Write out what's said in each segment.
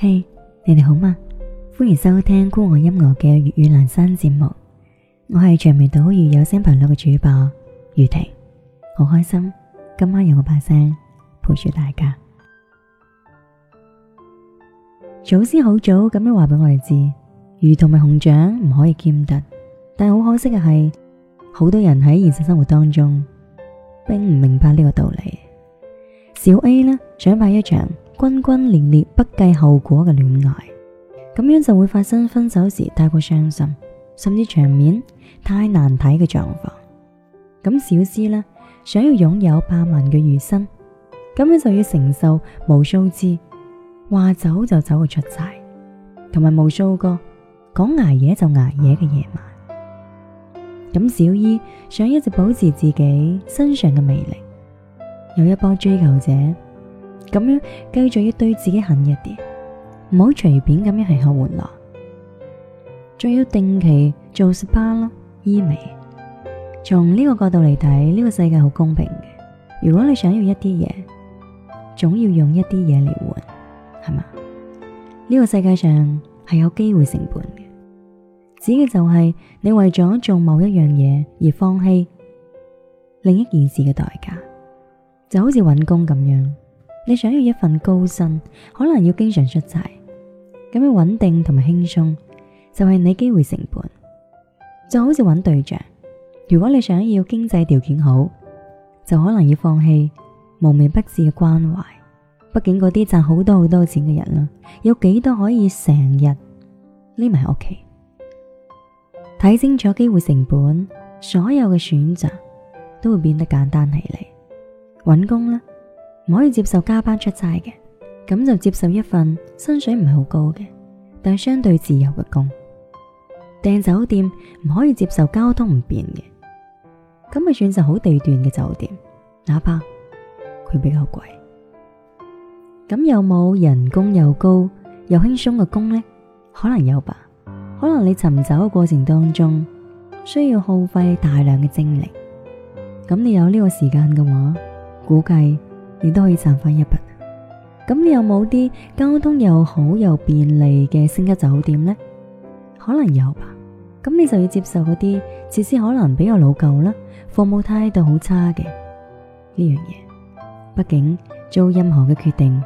嘿，hey, 你哋好嗎？歡迎收聽酷我音樂嘅粵語闌珊節目，我係長尾島粵有聲頻率嘅主播余婷，好開心今晚有我把聲陪住大家。祖先好早咁樣話俾我哋知，魚同埋熊掌唔可以兼得，但係好可惜嘅係，好多人喺現實生活當中並唔明白呢個道理。小 A 呢，想拍一場。轟轟烈烈不計後果嘅戀愛，咁樣就會發生分手時太過傷心，甚至場面太難睇嘅狀況。咁小 C 呢，想要擁有百萬嘅月薪，咁樣就要承受無數次話走就走嘅出差，同埋無數個講挨夜就挨夜嘅夜晚。咁小 E 想一直保持自己身上嘅魅力，有一波追求者。咁樣繼續要對自己狠一啲，唔好隨便咁樣係好玩樂，仲要定期做 spa 咯，醫美。從呢個角度嚟睇，呢個世界好公平嘅。如果你想要一啲嘢，總要用一啲嘢嚟換，係嘛？呢個世界上係有機會成本嘅，指嘅就係你為咗做某一樣嘢而放棄另一件事嘅代價，就好似揾工咁樣。你想要一份高薪，可能要經常出差，咁樣穩定同埋輕鬆就係、是、你機會成本。就好似揾對象，如果你想要經濟條件好，就可能要放棄無微不至嘅關懷。畢竟嗰啲賺好多好多錢嘅人啦，有幾多可以成日匿埋屋企？睇清楚機會成本，所有嘅選擇都會變得簡單起嚟。揾工啦。唔可以接受加班出差嘅，咁就接受一份薪水唔係好高嘅，但係相對自由嘅工。訂酒店唔可以接受交通唔便嘅，咁咪選擇好地段嘅酒店，哪怕佢比較貴。咁有冇人工又高又輕鬆嘅工咧？可能有吧。可能你尋找嘅過程當中需要耗費大量嘅精力。咁你有呢個時間嘅話，估計。你都可以賺翻一筆，咁你有冇啲交通又好又便利嘅星級酒店呢？可能有吧，咁你就要接受嗰啲設施可能比較老舊啦，服務態度好差嘅呢樣嘢。畢竟做任何嘅決定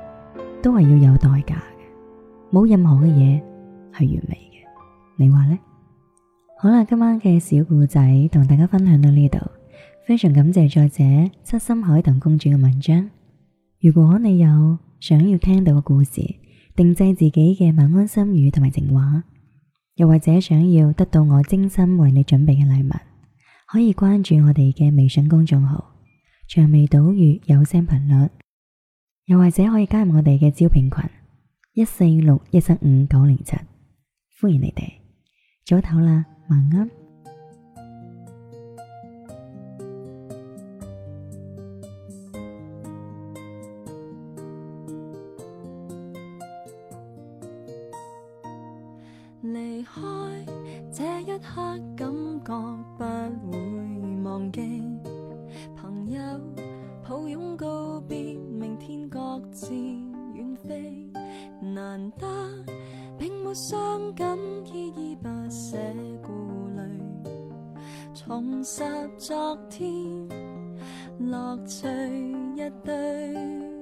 都係要有代價嘅，冇任何嘅嘢係完美嘅。你話呢？好啦，今晚嘅小故仔同大家分享到呢度，非常感謝作者七心海棠公主嘅文章。如果你有想要聽到嘅故事，定製自己嘅晚安心語同埋情話，又或者想要得到我精心為你準備嘅禮物，可以關注我哋嘅微信公眾號《薔薇島嶼有聲頻率》，又或者可以加入我哋嘅招聘群一四六一七五九零七，歡迎你哋早唞啦，晚安。離開這一刻感覺不會忘記，朋友抱擁告別，明天各自遠飛。難得並沒傷感，依依不捨顧慮，重拾昨天樂趣一堆。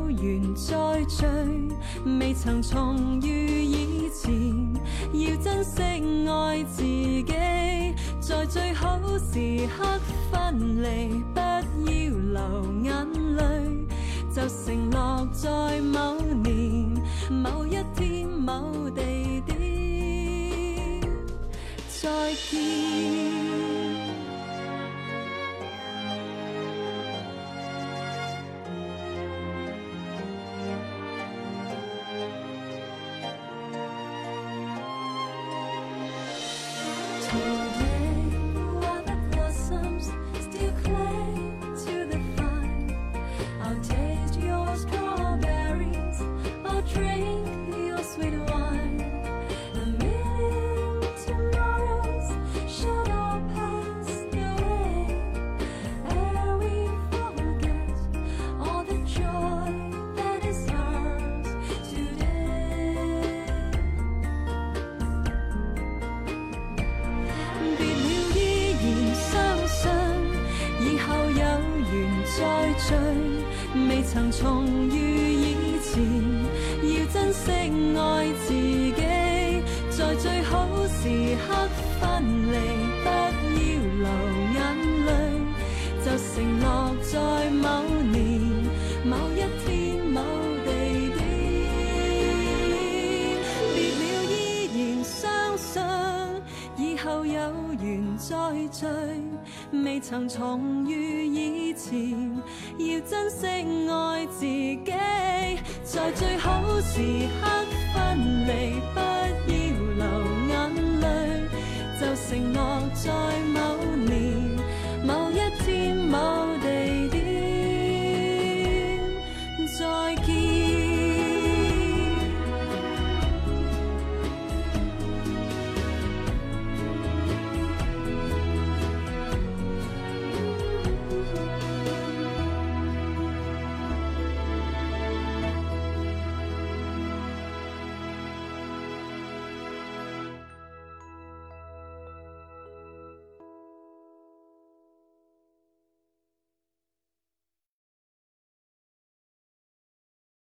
再聚，未曾重遇以前。要珍惜愛自己，在最好時刻分離，不要流眼淚。就承諾在某。再聚，未曾重遇以前。要珍惜愛自己，在最好時刻分離。有緣再聚，未曾重遇以前，要珍惜愛自己，在最好時刻分離，不要流眼淚，就承諾再會。